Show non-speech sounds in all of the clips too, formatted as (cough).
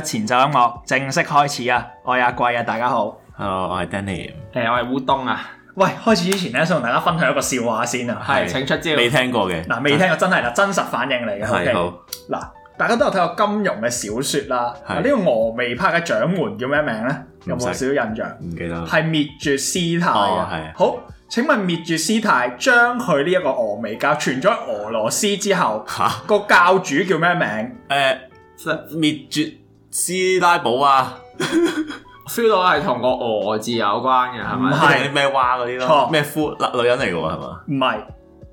前奏音樂正式開始啊！我係阿貴啊，大家好，Hello，我係 Danny，誒，我係烏冬啊。喂，開始之前咧，想同大家分享一個笑話先啊。係，請出招。未聽過嘅。嗱，未聽過真係啦，真實反應嚟嘅。係好嗱，大家都有睇過金庸嘅小說啦。呢個峨眉派嘅掌門叫咩名咧？有冇少少印象？唔記得。係滅絕師太嘅。係。好，請問滅絕師太將佢呢一個峨眉教傳咗俄羅斯之後，個教主叫咩名？誒，滅絕。斯大寶啊，feel (laughs) 到係同、那個俄、呃、字有關嘅，係咪是？唔係咩娃嗰啲咯，咩婦、哦，女人嚟嘅喎，係嘛？唔係是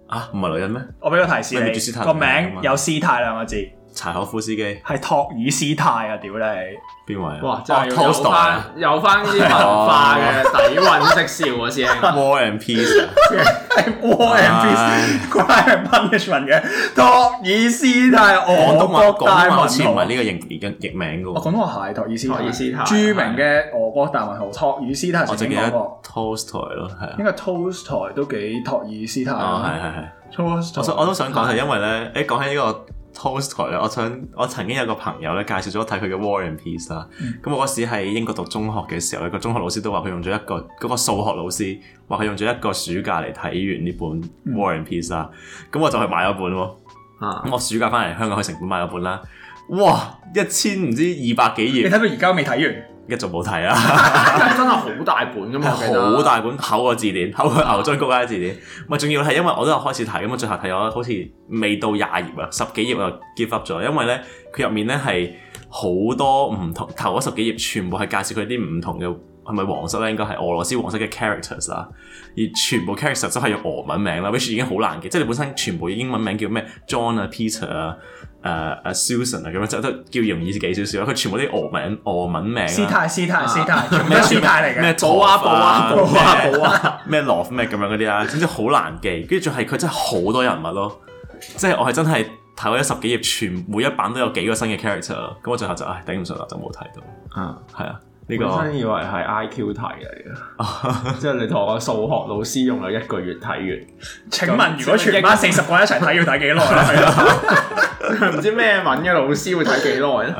啊，唔係女人咩？我俾個提示你，個名有斯泰兩個字。柴可夫斯基係托爾斯泰啊！屌你，邊位？哇！真係要唞有翻啲文化嘅底蘊識笑嗰時啊！War and Peace，係 War and Peace，Crime and Punishment 嘅托爾斯泰俄國大文豪。我都講埋，唔係呢個譯譯譯名嘅喎。我托爾斯係托爾斯泰，著名嘅俄國大文豪托爾斯泰，我凈係見到 Toaster 咯，係啊。應該 Toaster 都幾托爾斯泰。哦，係係係我都想講係因為咧，誒講起呢個。Tosca 咧，我想我曾經有個朋友咧，介紹咗睇佢嘅《War and Peace、嗯》啦。咁我嗰時喺英國讀中學嘅時候咧，個中學老師都話佢用咗一個嗰、嗰個數學老師話佢用咗一個暑假嚟睇完呢本《War and Peace、嗯》啦。咁我就去買咗本喎。咁、啊、我暑假翻嚟香港，去成本買咗本啦。哇！一千唔知二百幾頁，你睇到而家都未睇完。一就冇睇啦， (laughs) 真係好大本㗎嘛、啊，好大本，厚嘅字典，厚嘅牛津高階字典，咪仲 (laughs) 要係因為我都有開始睇，咁我最後睇咗好似未到廿頁啊，十幾頁啊，give up 咗，因為咧佢入面咧係好多唔同，頭嗰十幾頁全部係介紹佢啲唔同嘅係咪黃色咧？應該係俄羅斯黃色嘅 characters 啊。而全部 characters 都係用俄文名啦，which 已經好難記，即係你本身全部英文名叫咩？John 啊、Peter。啊。誒誒、uh, Susan 啊咁樣真係都叫容易記少少咯，佢全部啲俄文俄文名、啊斯太。斯泰斯泰斯泰，咩斯泰嚟噶？咩左哇左啊、左啊、咩啊，咩羅夫咩咁樣嗰啲啦，總之好難記。跟住仲係佢真係好多人物咯，即、就、係、是、我係真係睇咗十幾頁，全每一版都有幾個新嘅 character。咁我最後就唉、哎、頂唔順啦，就冇睇到。嗯，係啊。本真以為係 I Q 題嚟嘅，即係你同我數學老師用咗一個月睇完。請問如果全班四十個人一齊睇要睇幾耐啊？唔知咩文嘅老師會睇幾耐咧？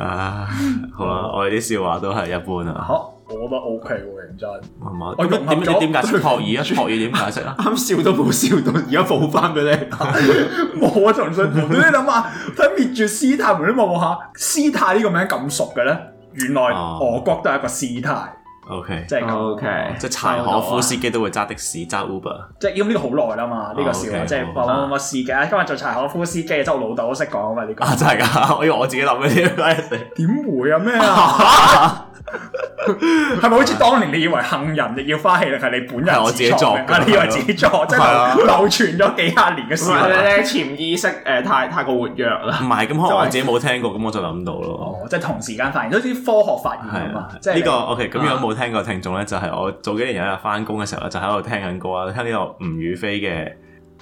好啦，我哋啲笑話都係一般啊。吓，我覺得 OK 喎，認真。我點解點解釋學語啊？學語點解釋啊？啱笑都冇笑到，而家補翻俾你。冇啊，重新。你諗下，睇滅絕師太，你望望下，師太呢個名咁熟嘅咧。原來俄國都係一個事態。O K，即係咁，O K，即係柴可夫斯基都會揸的士揸 Uber，即係因為呢個好耐啦嘛，呢個時候，即係冇乜事嘅。今日做柴可夫斯基我老豆都識講啊嘛呢個，真係噶，我以為我自己諗一啲，點會啊咩啊？係咪好似當年你以為杏仁亦要花氣力？係你本人我自己作嘅，你以為自己作，即係流傳咗幾百年嘅事咧，潛意識誒太太過活躍啦，唔係，咁可能我自己冇聽過，咁我就諗到咯，即係同時間發現都啲科學發現啊嘛，即係呢個 O K，咁如果冇。聽過聽眾咧，就係、是、我早幾年有日翻工嘅時候咧，就喺度聽緊歌啊，聽呢個吳雨霏嘅，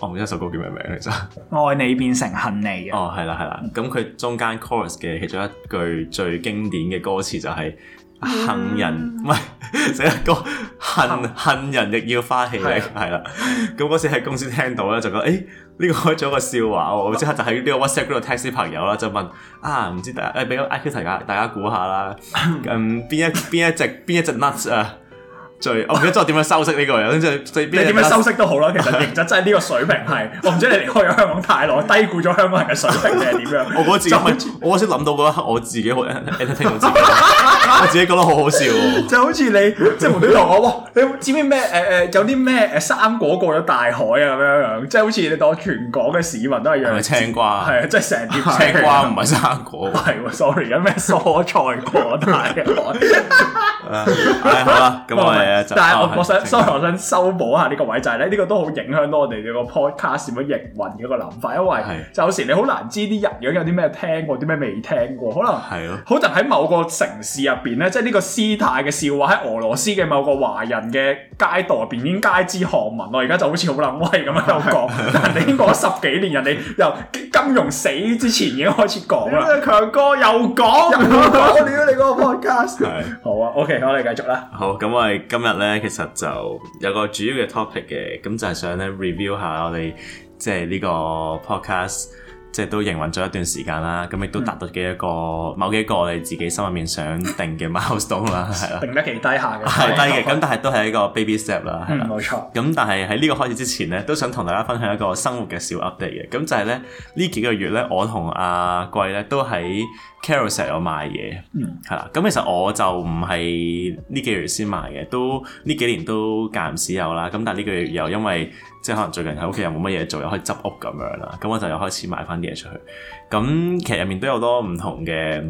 我唔記得首歌叫咩名啦，就愛你變成恨你。哦，係啦係啦，咁佢中間 chorus 嘅其中一句最經典嘅歌詞就係、是、恨、嗯、恆人，唔係成一講恨恨人亦要花氣力，係啦 (laughs) 的。咁嗰 (laughs) 時喺公司聽到咧，就覺得：咦「誒。呢個開咗個笑話，我即刻就喺呢個 WhatsApp 嗰度 test 啲朋友啦，就問啊，唔知大家誒俾個 IQ 題，大家估下啦。嗯，邊一邊一隻邊 (laughs) 一隻 nuts 啊？最我唔記得咗點樣修飾呢個， (laughs) uts，你點樣修飾都好啦。其實認真真係呢個水平係， (laughs) 我唔知你離開咗香港太耐，低估咗香港人嘅水平定係點樣？ (laughs) 我嗰 (laughs) 我嗰時諗到嗰一刻，我自己我聽到自己。 (laughs) 我自己覺得好好笑、啊， (laughs) 就好似你即係同我，你知唔知咩？誒、呃、誒，有啲咩？誒，生果過咗大海啊，咁樣樣，即係好似你當全港嘅市民都係樣子。青瓜係啊，即係成碟青瓜，唔係 (laughs) 生果。係喎 (laughs) ，sorry，有咩蔬菜過大海？係啦、 (laughs) 哎，咁我哋、 (laughs) 啊，但係我、啊、我想確，sorry，我想修補下呢個位，就係、是、咧，呢、這個都好影響到我哋嘅個 podcast 嘅營運嘅一個諗法，因為的就有時你好難知啲人樣有啲咩聽過，啲咩未聽過，可能係咯，可能喺某個城市入邊咧，即係呢個師太嘅笑話喺俄羅斯嘅某個華人嘅街道入邊已經街知巷聞，我而家就好似好冷威咁喺度講。你哋經過十幾年人， (laughs) 人哋由金融死之前已經開始講。強 (laughs) 哥又講，又講，我屌你個 podcast。是好啊，OK，我哋繼續啦。好，咁我哋今日咧其實就有個主要嘅 topic 嘅，咁就係想咧 review 下我哋即係呢個 podcast。即係都營運咗一段時間啦，咁亦都達到嘅一個、嗯、某幾個我哋自己心入面想定嘅 milestone 啦，係啦 (laughs) 的。定得幾低下嘅，係低嘅。咁但係都係一個 baby step 啦，係啦。冇、嗯、錯。咁但係喺呢個開始之前咧，都想同大家分享一個生活嘅小 update 嘅。咁就係咧呢幾個月咧，我同阿貴咧都喺 Carousell 買嘢，嗯，係啦。咁其實我就唔係呢幾個月先買嘅，都呢幾年都間唔時有啦。咁但係呢個月又因為即係可能最近喺屋企又冇乜嘢做，又可以執屋咁樣啦。咁我就又開始買翻嘢出去，咁其實入面都有好多唔同嘅誒、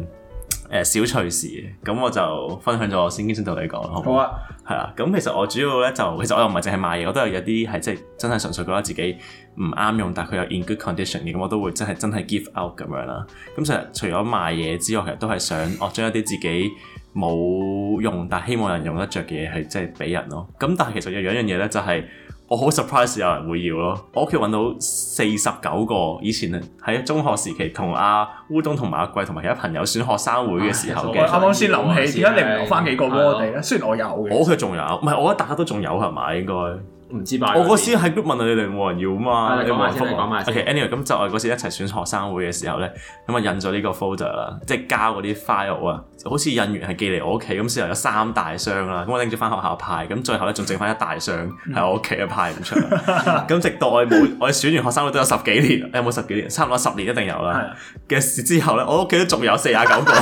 呃、小趣事，咁我就分享咗先，先同你講好唔好？啊，係啊，咁其實我主要咧就，其實我又唔係淨係賣嘢，我都係有啲係即係真係純粹覺得自己唔啱用，但佢有 in good condition 嘅，咁我都會真係真係 give out 咁樣啦。咁其實除咗賣嘢之外，其實都係想我將一啲自己冇用但希望人用得着嘅嘢，係即係俾人咯。咁但係其實有一樣嘢咧，就係、是。我好 surprise 有人會要咯，我屋企揾到四十九個，以前喺中學時期同阿烏冬同埋阿貴同埋其他朋友選學生會嘅時候嘅。啱啱先諗起，點解你唔留翻幾個俾我哋咧？的雖然我有嘅，我屋企仲有，唔係我覺得大家都仲有係嘛，應該。唔知我嗰時喺 group 問你哋冇人要啊嘛？啊你回覆我。OK，anyway，咁就係嗰時一齊選學生會嘅時候咧，咁啊印咗呢個 folder 啦，即係交嗰啲 file 啊，好似印完係寄嚟我屋企，咁先嚟有三大箱啦，咁我拎住翻學校派，咁最後咧仲剩翻一大箱喺我屋企啊派唔出。咁 (laughs) 直到我冇，我選完學生會都有十幾年，有冇十幾年？差唔多十年一定有啦。嘅事的之後咧，我屋企都仲有四十九個。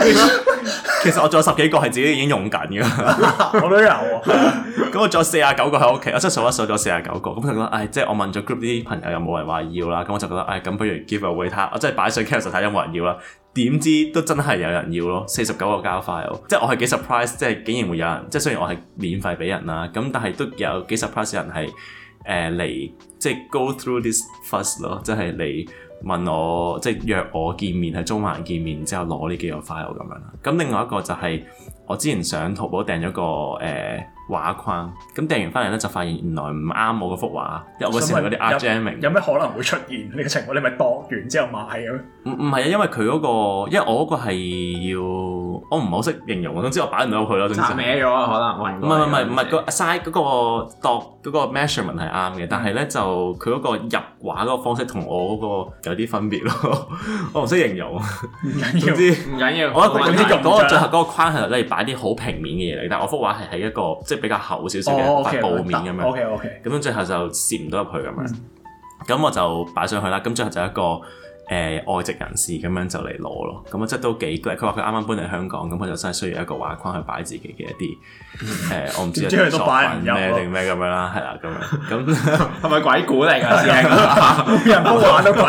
(laughs) (laughs) 其實我仲有十幾個係自己已經用緊嘅、 (laughs) 啊 (laughs) 啊，我都有。咁我仲有四十九個喺屋企，我真係數一數咗四十九個。咁我覺得，唉，即係我問咗 group 啲朋友有冇人話要啦，咁我就覺得，唉、哎，咁、哎、不如 give away 佢，我真係擺上 Carousell 睇有冇人要啦。點知都真係有人要咯，四十九個膠 folder，即係我係幾 surprise 即係竟然會有人，即係雖然我係免費俾人啦，咁但係都有幾 surprise 人係誒嚟，即係 go through this first 咯，即係嚟。問我即係約我見面，喺中環見面之後攞呢幾個 file 咁樣啦。咁另外一個就係、是、我之前上淘寶訂咗個誒。呃畫框咁掟完返嚟咧，就發現原來唔啱我嗰幅畫。因為我嗰時有啲 adjusting。有咩可能會出現呢個情況？你咪度完之後買嘅咩？唔唔係啊，因為佢嗰個，因為我嗰個係要，我唔係好識形容啊。總之我擺唔到佢咯。拆歪咗啊，可能唔係唔係唔係個 size 嗰個度嗰個 measurement 係啱嘅，但係咧就佢嗰個入畫嗰個方式同我嗰個有啲分別咯。我唔識形容，唔緊要，唔緊要。我覺得嗰個最後嗰個框係嚟擺啲好平面嘅嘢嚟，但係我幅畫係喺一個即比較厚少少嘅布面咁樣，咁樣 okay, okay. 最後就攝唔到入去咁樣，咁、mm hmm. 我就擺上去啦。咁最後就一個誒、呃、外籍人士咁樣就嚟攞咯。咁啊，即都幾貴。佢話佢啱啱搬嚟香港，咁佢就真係需要一個畫框去擺自己嘅一啲誒、 (laughs) 呃，我唔知， (laughs) 知都。即擺唔入定咩咁樣啦？係啦，咁咁係咪鬼古嚟㗎？啲 (laughs) (laughs) (laughs) 人都玩到鬼，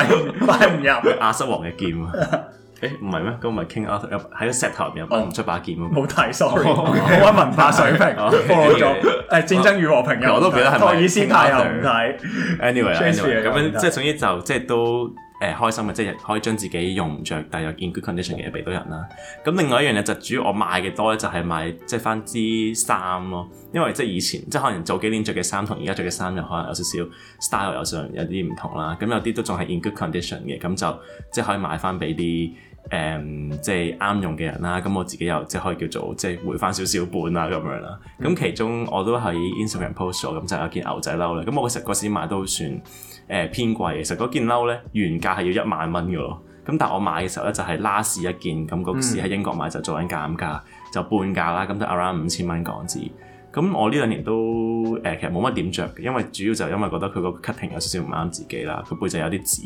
擺唔入亞瑟王嘅劍。 (laughs) 誒唔係咩？咁我咪 King Arthur 喺個石頭入邊，我唔出把劍啊！冇睇，sorry，我文化水平幫唔到。誒戰爭與和平我都覺得係咪？托爾斯泰又唔睇。Anyway，anyway，咁樣即係總之就即係都誒開心嘅，即係可以將自己用唔着但又見 good condition 嘅嘢俾到人啦。咁另外一樣嘢就主要我賣嘅多咧，就係賣即係翻支衫咯。因為即係以前即係可能早幾年着嘅衫，同而家着嘅衫又可能有少少 style 有上有啲唔同啦。咁有啲都仲係 in good condition 嘅，咁就即係可以買翻俾啲。誒，um, 即係啱用嘅人啦，咁、嗯、我自己又即係可以叫做即係回翻少少本啦、啊、咁樣啦。咁、嗯、其中我都喺 Instagram post 咁、嗯、就是、有一件牛仔褸啦。咁我其實嗰時買都算誒、呃、偏貴，其實嗰件褸咧原價係要一萬蚊嘅咯。咁、嗯、但係我買嘅時候咧就係拉士一件，咁、嗰時喺英國買就做緊減價，嗯、就半價啦，咁都 around 五千蚊港紙。咁我呢兩年都誒、呃、其實冇乜點著，因為主要就因為覺得佢個 cutting 有少少唔啱自己啦，佢背脊有啲字，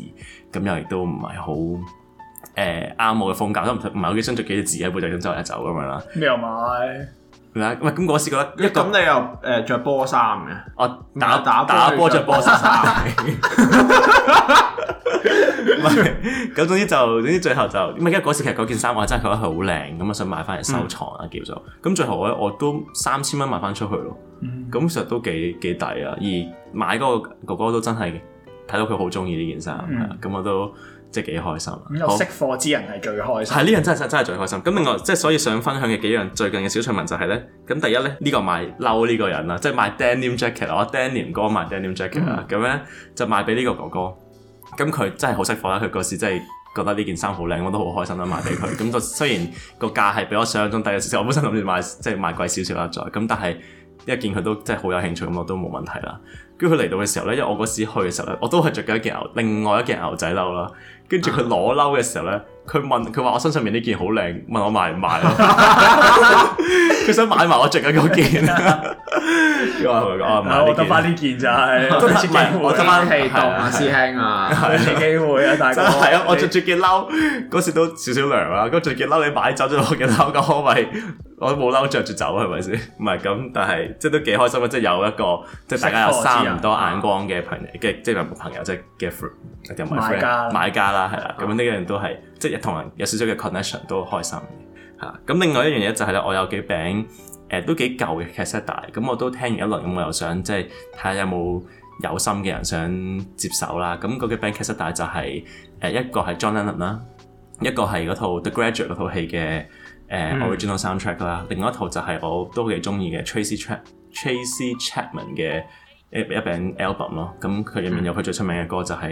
咁又亦都唔係好。誒，阿毛嘅風格都唔唔係好幾想着咗幾隻字喺背就咁走嚟走咁樣啦。你又買。咁嗰時覺得一，咁你又，誒，著波衫嘅？我打打打波，着波衫、啊。咁 (laughs) 總之就總之最後就，因為嗰時其實嗰件衫我真係覺得佢好靚，咁我想買翻嚟收藏、嗯、啊，叫做。咁最後咧，我都三千蚊賣翻出去咯。咁其實都幾幾抵啊！而買嗰個哥，哥哥都真係睇到佢好中意呢件衫，咁、嗯嗯嗯、我都。即係幾開心，咁又、嗯、識貨之人係最開心。係呢樣真係真真係最開心。咁另外即係所以想分享嘅幾樣最近嘅小趣聞就係咧，咁第一咧呢、呢個賣褸呢個人啦，即係賣 denim jacket，我 denim 丹尼哥賣 denim jacket 啦、嗯，咁咧就賣俾呢個哥哥，咁佢真係好識貨啦，佢嗰時真係覺得呢件衫好靚，我都好開心啦賣俾佢。咁就雖然個價係比我想象中低，其實我本身諗住賣即係賣貴少少啦再，咁但係一見佢都真係好有興趣，咁我都冇問題啦。跟住佢嚟到嘅時候呢，因為我嗰時去嘅時候呢，我都係着緊一件牛，另外一件牛仔褸啦。跟住佢攞褸嘅時候呢，佢問，佢話我身上面呢件好靚，問我賣唔賣？ (laughs) (laughs) 佢想買埋我著緊嗰件？因為佢啊，唔係我得翻呢件就係，我得翻氣檔師兄啊，有機會啊，大家真係啊，我着住件褸嗰時都少少涼啦。嗰件褸你買走咗，件褸咁我咪，我都冇褸着住走啊。係咪先？唔係咁，但係即係都幾開心啊！即係有一個，即係大家有三唔多眼光嘅朋友，跟住即係朋友即係嘅 friend，又唔係 friend 買家啦，係啦。咁呢個都係即係同人有少少嘅 connection，都開心。吓，咁另外一樣嘢就係咧，我有幾餅誒、呃、都幾舊嘅 cassette，咁、嗯、我都聽完一輪、嗯，我又想即係睇下有冇有，有心嘅人想接手啦。咁、嗯、嗰幾餅 cassette 就係、是、誒、呃、一個係 John Lennon 啦，一個係嗰套 The Graduate 嗰套戲嘅誒、呃嗯、original soundtrack 啦，另外一套就係我都幾中意嘅 Tracy Tr Tracy Chapman 嘅。一一柄 album 咯，咁佢入面有佢最出名嘅歌就係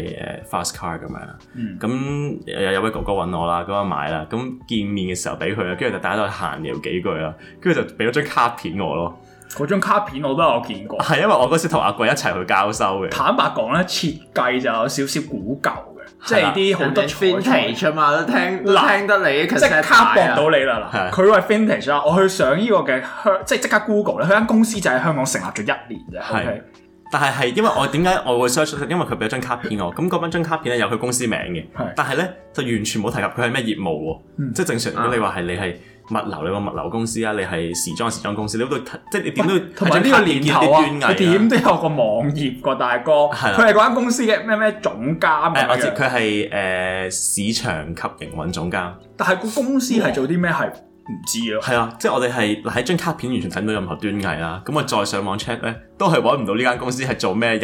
誒 Fast Car 咁樣啦。咁有位哥哥揾我啦，咁買啦。咁見面嘅時候俾佢啦，跟住就大家都閒聊幾句啦。跟住就俾咗張卡片我咯。嗰張卡片我都有見過，係因為我嗰時同阿貴一齊去交收嘅。坦白講咧，設計就有少少古舊嘅，即係啲好多，Vintage 嘛，都聽聽得你即刻搏到你啦。佢話 Vintage 啊，我去上呢個嘅香，即係即刻 Google 咧，佢間公司就喺香港成立咗一年啫。但係係， (laughs) 因為我點解我會 search？因為佢俾咗張卡片我，咁嗰班張卡片咧有佢公司名嘅，是但係咧就完全冇提及佢係咩業務喎，即係、嗯、正常。如果、嗯、你話係你係物流，你個物流公司啊，你係時裝嘅時裝公司，你，你都都即係你點都同埋呢個年頭啊，佢點、啊、都有個網頁個大哥，佢係嗰間公司嘅咩咩總監，佢係誒市場及營運總監。但係個公司係做啲咩？係、哦唔知啊，係啊，即係我哋係喺張卡片完全睇唔到任何端倪啦，咁我再上網 check 咧，都係搵唔到呢間公司係做咩任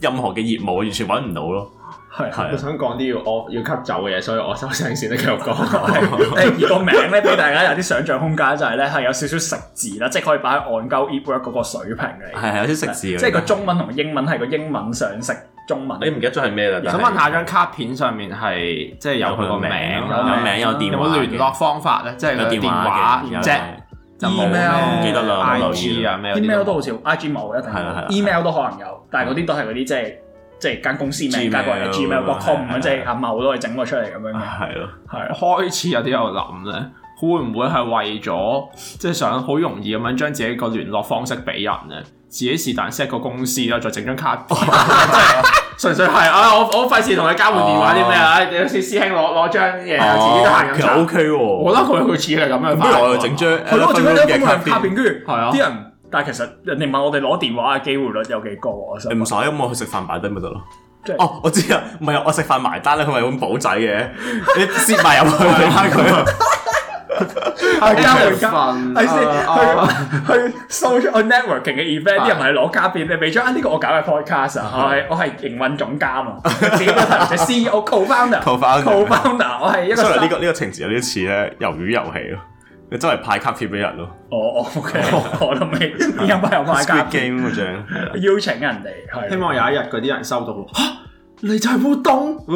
任何嘅業務，完全搵唔到咯。係，係。我想講啲要我要吸走嘅嘢，所以我收聲先啦，繼續講。誒，個名咧俾大家有啲想象空間，就係咧係有少少食字啦，即係可以擺喺按勾 ebay 嗰個水平嘅。係係有少少食字，即係個中文同英文係個英文上食。中文，你唔記得咗係咩啦？想問下張卡片上面係即係有佢個名，有名有電話聯絡方法咧，即係電話即係 email，唔記得啦，IG 啊 email 都好少，IG 冇一定，email 都可能有，但係嗰啲都係嗰啲即係即係間公司名，間公司 gmail.com 即係阿茂都係整過出嚟咁樣嘅，係咯，係開始有啲有諗咧。會唔會係為咗即係想好容易咁樣將自己個聯絡方式俾人咧？自己是但 set 個公司啦，再整張卡片，純粹係啊！我我費事同佢交換電話啲咩啊？有時師兄攞攞張嘢，自己都行，其實 OK 我覺得佢佢似係咁樣，因為整張佢我見到有啲人卡邊，跟住啲人，但係其實人哋問我哋攞電話嘅機會率有幾高？你唔使咁，我去食飯擺低咪得咯。即係哦，我知啊，唔係我食飯埋單咧，佢咪會補仔嘅，你蝕埋入去。俾返佢。係加會加，係先去去 social networking 嘅 event，啲人係攞卡片，你俾咗。啊呢個我搞嘅 podcast 我啊，我係營運總監啊，自己都係個 CEO co-founder，co-founder，我係一個。出嚟呢個呢個情節有啲似咧魷魚遊戲咯，你真係派卡片俾人咯。哦我 OK，我都未邊個派有派嘉賓嗰張邀請人哋，係希望有一日嗰啲人收到吓。你就係烏冬，你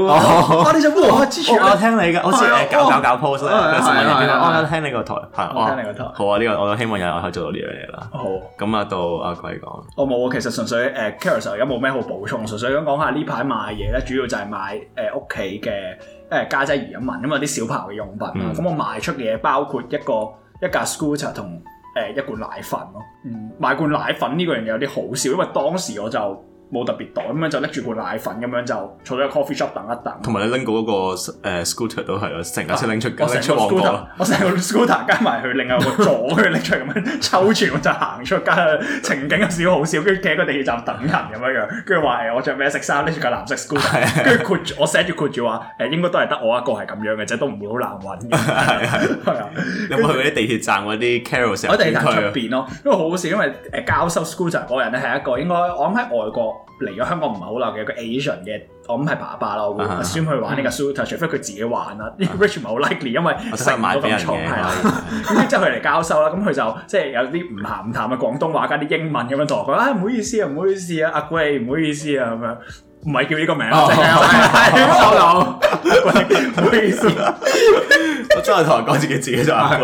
就烏龍。之前我聽你嘅，好似誒搞搞搞 pose，我聽你個台，係。我聽你個台。好啊，呢個我都希望有人可以做到呢樣嘢啦。好。咁啊，到阿貴講。我冇啊，其實純粹誒，Carrie 就而家冇咩好補充，純粹想講下呢排賣嘢咧，主要就係賣誒屋企嘅誒家姐兒用品，因為啲小朋友嘅用品啊。咁我賣出嘢包括一個一架 scooter 同誒一罐奶粉咯。嗯，賣罐奶粉呢個樣嘢有啲好笑，因為當時我就。冇特別袋咁樣就拎住罐奶粉咁樣就坐咗個 coffee shop 等一等。同埋你拎過嗰個 scooter 都係咯，成日先拎出街出旺角。我成個 scooter 加埋佢，另外個座佢拎出嚟咁樣抽住我就行出，加情景又少好少。跟住企喺個地鐵站等人咁樣樣，跟住話我着咩色衫拎住個藍色 scooter 跟住括我寫住括住話誒，應該都係得我一個係咁樣嘅啫，都唔會好難揾。係係啊！有冇去啲地鐵站嗰啲 Carousell 地鐵站出邊咯，因為好好笑，因為誒交收 scooter 嗰人咧係一個應該我諗喺外國。嚟咗香港唔係好耐嘅一個 Asian 嘅，我唔係爸爸咯，會先去玩呢個 scooter，除非佢自己玩啦，rich 唔係好 likely，因為食都咁錯嘅。咁之後佢嚟交收啦，咁佢就即係有啲唔咸唔淡嘅廣東話加啲英文咁樣同我講，唉唔好意思啊，唔好意思啊，阿 Gwei 唔好意思啊咁樣，唔係叫呢個名，即係收唔好意思。真係同人講自己自己就係，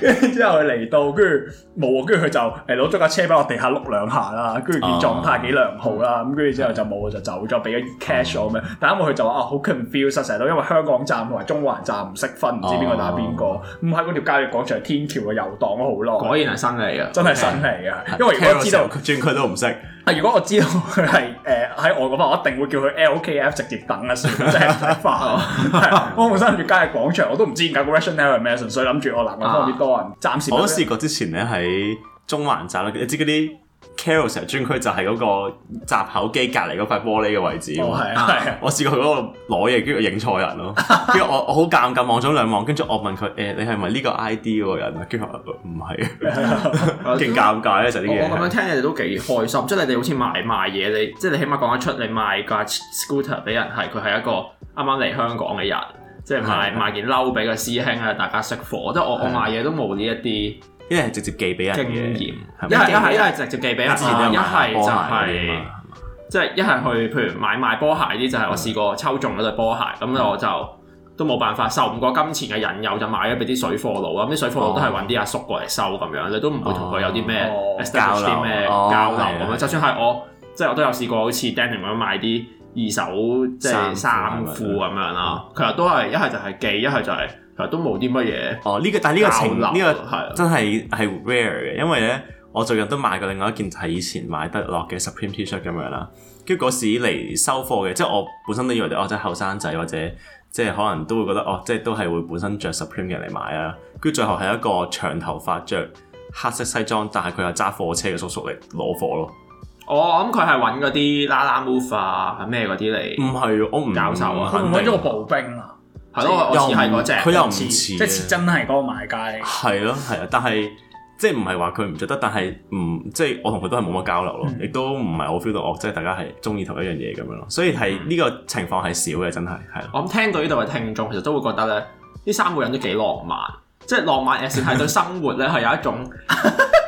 跟住之後佢嚟到，跟住冇啊，跟住佢就誒攞咗架車俾我地下碌兩下啦，跟住見狀態幾良好啦，咁跟住之後就冇就走咗，俾咗 cash 咁樣。但係因為佢就話啊好 confused 成日都，因為香港站同埋中環站唔識分，唔知邊個打邊個，咁喺嗰條街嘅廣場天橋嘅遊蕩都好耐，果然係新嚟嘅，真係新嚟嘅，okay, 因為我知道轉佢都唔識。啊，如果我知道佢係誒喺外國翻，我一定會叫佢 LKF 直接等啊算，真係唔使我冇諗住街嘅廣場我都。唔知搞個 r a t i o n a r y m o t i o n 所以諗住我男外方多人，啊、暫時我都試過之前咧喺中環站啦，你知嗰啲 Carousell 專區就係嗰個閘口機隔離嗰塊玻璃嘅位置，係、哦、啊，我，啊我試過去嗰度攞嘢，跟住認錯人咯，跟住 (laughs) 我我好尷尬望咗兩望，跟住我問佢誒、欸、你係咪呢個 ID 嘅人啊？跟住唔係，勁尷尬咧就呢嘢。我咁樣聽你哋都幾開心，即係 (laughs) 你哋好似賣賣嘢，你即係、就是、你起碼講得出你賣架 scooter 俾人係佢係一個啱啱嚟香港嘅人。即係賣賣件褸俾個師兄啊！大家識貨，即係我我買嘢都冇呢一啲，因為直接寄俾阿嘅嘢，一係一係一係直接寄俾一，一係就係即係一係去譬如買賣波鞋啲，就係我試過抽中咗對波鞋，咁我就都冇辦法受唔過金錢嘅引誘，就買咗俾啲水貨佬啊！啲水貨佬都係揾啲阿叔過嚟收咁樣，你都唔會同佢有啲咩交啲咩交流咁樣。就算係我即係我都有試過好似 denim 咁買啲。二手即係衫褲咁樣啦、嗯就是，其實都係一係就係寄，一係就係其實都冇啲乜嘢。哦，呢、呢個但係呢個情呢的個係真係係 rare 嘅，因為咧我最近都買過另外一件係、就係、以前買得落嘅 Supreme T-shirt 咁樣啦，跟住嗰時嚟收貨嘅，即係我本身都以為我即係後生仔或者即係可能都會覺得哦，即係都係會本身着 Supreme 嘅嚟買啦，跟住最後係一個長頭髮着黑色西裝，但係佢又揸貨車嘅叔叔嚟攞貨咯。我諗佢係揾嗰啲啦啦 move 啊，咩嗰啲嚟？唔係，我唔搞手啊！我揾咗個步兵啊，係咯、就是，我似係嗰隻，佢又唔不似，像即似真係嗰個買家。係咯、啊，係啊，但係即唔係話佢唔值得，但係唔即我同佢都係冇乜交流咯，亦、嗯、都唔係我 feel 到我即大家係中意同一樣嘢咁樣咯，所以係呢個情況係少嘅，真係係啦。啊嗯、我諗聽到呢度嘅聽眾其實都會覺得咧，呢三個人都幾浪漫。即係浪漫，誒，是係對生活咧係有一種，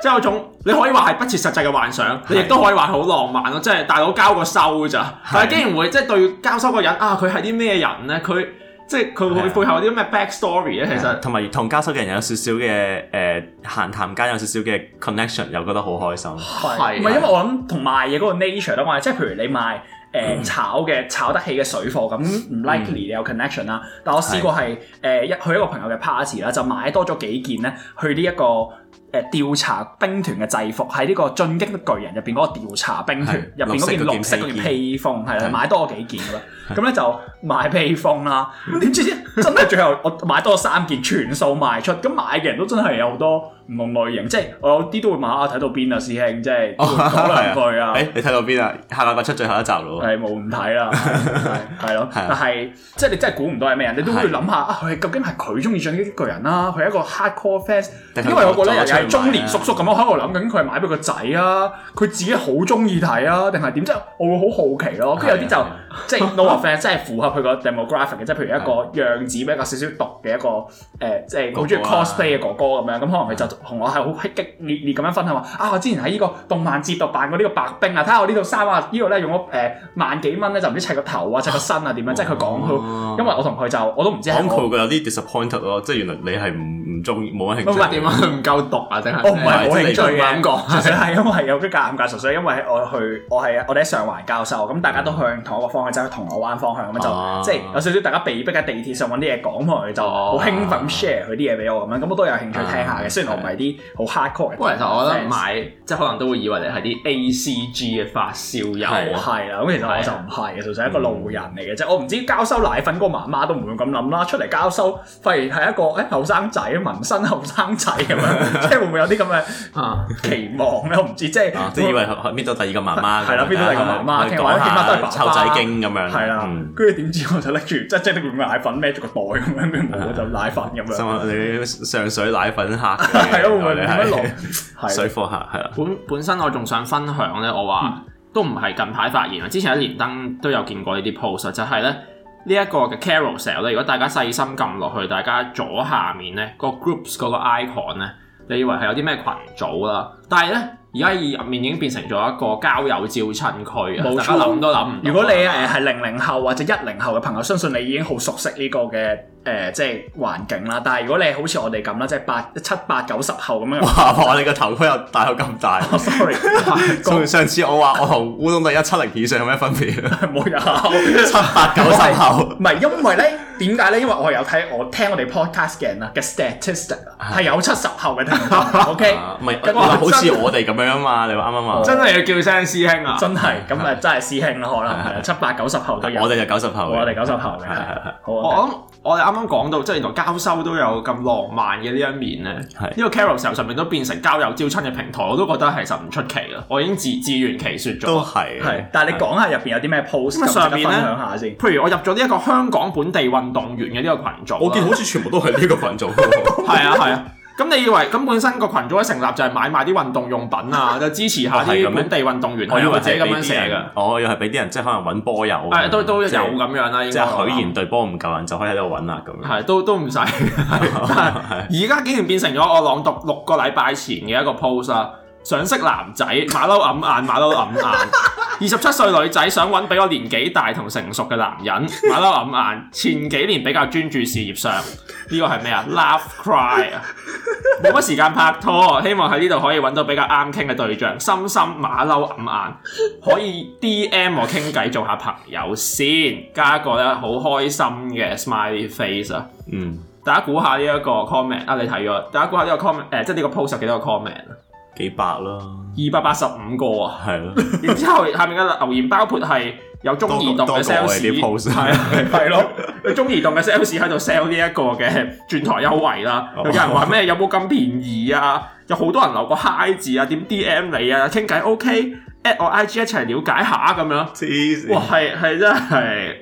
即係 (laughs) 有種你可以話係不切實際嘅幻想， (laughs) 你亦都可以話好浪漫咯。即、就、係、是、大佬交個收咋，是但係竟然會即係、就是、對交收個人啊，佢係啲咩人咧？佢即係佢會背後啲咩 back story 咧？的其實同埋同交收嘅人有少少嘅誒閒談間有少少嘅 connection，又覺得好開心。係唔係因為我諗同賣嘢嗰個 nature 啊嘛？即係譬如你賣。誒、嗯、炒嘅炒得起嘅水貨咁唔 likely 你有 connection 啦、啊，但我試過係誒一去一個朋友嘅 party 啦，就買多咗幾件咧，去呢、這、一個誒、呃、調查兵團嘅制服，喺呢個進擊巨人入邊嗰個調查兵團入邊嗰件綠色嗰件披風，係啦的，買多咗幾件啦，咁咧的就買披風啦，點的知真係最後我買多咗三件 (laughs) 全數賣出，咁買嘅人都真係有好多。唔同類型，即係我有啲都會問下睇到邊啊，師兄，即係可能佢啊！誒，你睇到邊啊？下禮拜出最後一集咯，係冇唔睇啦，係咯，但係即係你真係估唔到係咩人，你都會諗下啊，佢究竟係佢中意上呢啲巨人啦，佢係一個 hardcore fans 因為我覺得又係中年叔叔咁樣喺度諗緊，佢係買俾個仔啊，佢自己好中意睇啊，定係點？即係我會好好奇咯，跟住有啲就即係 nova fans 即係符合佢個 demographic 嘅，即係譬如一個樣子比較少少毒嘅一個誒，即係好中意 cosplay 嘅哥哥咁樣，咁可能佢就。同我係好激烈烈咁樣分享話啊！我之前喺呢個動漫節度扮過呢個白冰啊，睇下我呢度衫啊，呃、呢個咧用咗誒萬幾蚊咧就唔知砌個頭啊、砌個身啊點樣，哦、即係佢講。啊、因為我同佢就我都唔知。講佢有啲 disappointed 咯，即係原來你係唔唔中意冇興趣。點佢唔夠毒啊！真係。我唔係冇興趣嘅感覺，係因為有啲尷尬，純粹因為我去我係我哋喺上環教授，咁大家都向同一個方向，走去銅鑼灣方向咁樣，嗯啊，就即、是、係有少少大家被逼喺地鐵上揾啲嘢講，佢就好興奮 share 佢啲嘢俾我咁樣，咁我都有興趣聽下嘅，雖然我係啲好 hardcore 其實我覺得買即係可能都會以為你係啲 ACG 嘅發燒友，係啦。咁其實我就唔係嘅，就就一個路人嚟嘅啫。我唔知交收奶粉嗰個媽媽都唔會咁諗啦？出嚟交收，發現係一個誒後生仔，紋身後生仔咁樣，即係會唔會有啲咁嘅期望咧？我唔知，即係都以為搵到第二個媽媽，係啦，搵到第二個媽媽，或者媽媽都係爸爸。臭仔經咁樣，係啦。跟住點知我就拎住，即係即係拎住個奶粉孭住個袋咁樣，我就奶粉咁樣。你上水奶粉客。係啊，唔係點樣落？水貨客係啦。本本身我仲想分享咧，我話、嗯、都唔係近排發現啊，之前喺連登都有見過呢啲 post，就係咧呢一、呢個嘅 Carousell Sale 咧，如果大家細心撳落去，大家左下面咧個 Groups 嗰個 icon 咧，你以為係有啲咩群組啦？但係咧而家入面已經變成咗一個交友照親區啊！冇錯，大家諗都諗唔到，如果你誒係零零後或者一零後嘅朋友，相信你已經好熟悉呢個嘅。誒、呃，即係環境啦。但係如果你好似我哋咁啦，即係八七八九十後咁樣。哇！哇！你個頭盔又大到咁大。 (laughs) oh, sorry，所以 (laughs) 上次我話我同烏冬都一七零以上，有咩分別？冇有七八九十後。 (laughs) 唔係因為咧，點解咧？因為我有睇我聽我哋 podcast 嘅人啊嘅 statistic 啊，係有七十後嘅。OK，唔係，因為好似的 (laughs) 我哋咁樣啊嘛，你話啱啱啊？真係要叫聲師兄啊！真係咁啊，真係師兄咯，可能係七八九十後都有。 (laughs) 我哋就九十後。我哋九十後。係係係。好。Okay. 我 (laughs) 我哋啱啱講到，即係原來交收都有咁浪漫嘅呢一面咧。呢是個 Carousell 成日上面都變成交友招親嘅平台，我都覺得其實唔出奇咯。我已經自自圓其説咗。都係是。係是，但係你講下入邊有啲咩 post 咁樣分享下先。譬如我入咗呢一個香港本地運動員嘅呢個群組，我見好似全部都係呢個群組。係 (laughs) (laughs) 啊，係啊。咁你以為咁本身個群組一成立就係買埋啲運動用品啊，就支持下啲本地運動員啊，或者咁樣寫噶， (laughs) 我又係俾啲人即係可能揾波友，係 (laughs) 都都有咁樣啦。即係許願隊波唔夠人就可以喺度揾啦，咁樣係都都唔使。而家竟然變成咗我朗讀六個禮拜前嘅一個 post 啦。想識男仔，馬騮暗眼，馬騮暗眼。二十七歲女仔想揾比我年紀大同成熟嘅男人，馬騮暗眼。前幾年比較專注事業上，呢個係咩啊？Love cry 啊，冇乜時間拍拖，希望喺呢度可以揾到比較啱傾嘅對象，心心馬騮暗眼，可以 DM 我傾偈做下朋友先，加一個咧好開心嘅 smiley face、嗯、ment，啊。嗯，大家估下呢一個 comment 啊、呃，你睇咗？大家估下呢個 comment，誒，即係呢個 post 有幾多個 comment 幾百咯，二百八十五個啊，係咯。然之後下面嘅留言包括係有中移動嘅 sales，係啊，係咯，中移動嘅 sales 喺度 sell 呢一個嘅轉台優惠啦。有人話咩？有冇咁便宜啊？有好多人留個嗨字啊，點 D M 你啊，傾偈 OK？at 我 I G 一齊了解下咁樣咯。哇，係係真係，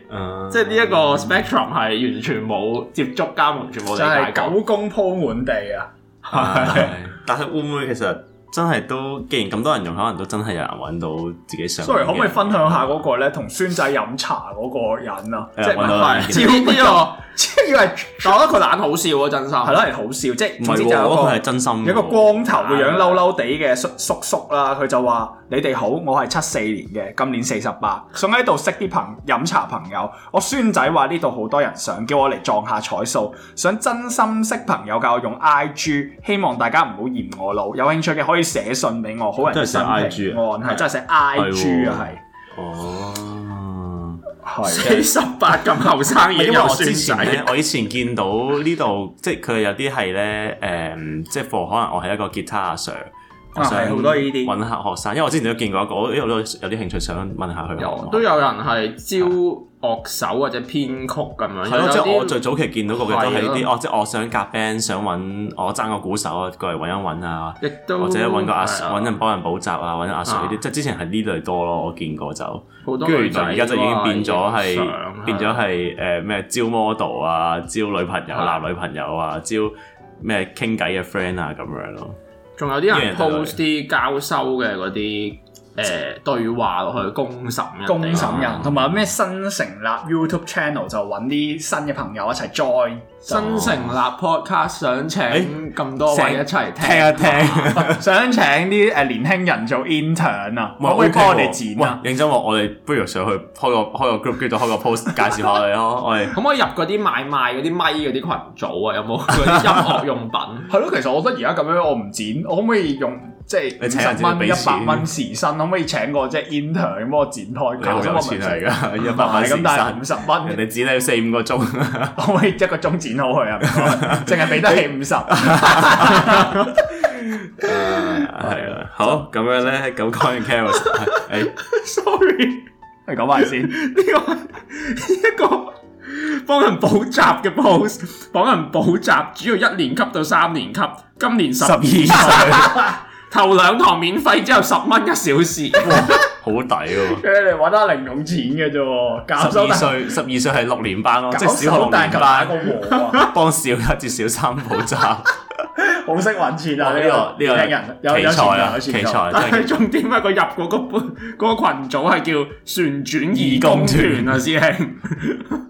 即係呢一個 Spectrum 係完全冇接觸加盟，全部嚟買。就係九公鋪滿地啊！係，但係會唔會其實？真係都，既然咁多人用，可能都真係有人揾到自己想。Sorry，可唔可以分享下嗰個咧，同孫仔飲茶嗰個人啊？即係唔係知唔知道？即係以為， (laughs) 但我覺得佢懶好笑啊。真心係咯，係好笑。， (laughs) 即係，唔係我覺得佢係真心嘅。有一個光頭嘅樣，嬲嬲地嘅叔叔叔啦，佢就話：你哋好，我係七四年嘅，今年四十八，想喺度識啲朋飲茶朋友。我孫仔話呢度好多人想叫我嚟撞下彩數，想真心識朋友，教我用 I G，希望大家唔好嫌我老。有興趣嘅可以寫信俾我，好人真係寫 IG。我係真係寫 I G 啊，係。哦。四十八咁後生。因為我之前咧， (laughs) 我以前見到呢度，即係佢有啲係咧，誒、嗯、即係課可能我係一個吉他阿 sir。啊，係好多呢啲揾下學生，因為我之前都見過一個，我呢個都有啲興趣，想問下佢。都有人係招樂手或者編曲咁樣啊，係咯，即係我最早期見到個嘅都係呢啲。哦，即係我想夾 band，想揾我爭個鼓手啊，過嚟揾一揾啊，亦都或者揾個阿揾人幫人補習啊，揾阿 sir 呢啲，即係之前係呢類多咯，我見過就。好多類型咯。跟住就而家就已經變咗係變咗係誒咩招 model 啊，招女朋友、男女朋友啊，招咩傾偈嘅 friend 啊咁樣咯。仲有啲人 post 啲交收嘅嗰啲。誒對話落去，公審人，公審人，同埋咩新成立 YouTube channel 就揾啲新嘅朋友一齊 join 就。新成立 podcast 想請咁多位一齊聽，聽一聽，啊、想請啲誒年輕人做 intern 啊喂，可唔可以幫我哋剪啊、哦？認真話，我哋不如上去開個開個 group，跟住開個 post 介紹下你啊。 (laughs) 我哋可唔可以入嗰啲買賣嗰啲咪嗰啲群組啊？有冇音樂用品？係咯， (laughs) 其實我覺得而家咁樣我唔剪，我可唔可以用？即係五十蚊，一百蚊時薪，可唔可以請個即係 intern 幫我剪台？你幾多錢嚟噶？一百蚊時薪咁，但係五十蚊，人哋剪你要四五個鐘，可唔可以一個鐘剪好佢啊？淨係俾得你五十。係啊，好咁樣咧，九 coin Carousell，sorry，係講埋先呢個一個幫人補習嘅 post，幫人補習主要一年級到三年級，今年十二歲。頭兩堂免費之後十蚊一小時，哇，好抵喎！佢哋玩得零用錢嘅啫，十二歲十二歲係六年班咯，即係小學六年班一個和，幫小一至小三補習，好識搵錢啊！呢個呢個奇人有有奇才，奇才，但係重點係佢入過個班，個群組係叫旋轉義工團啊，師兄。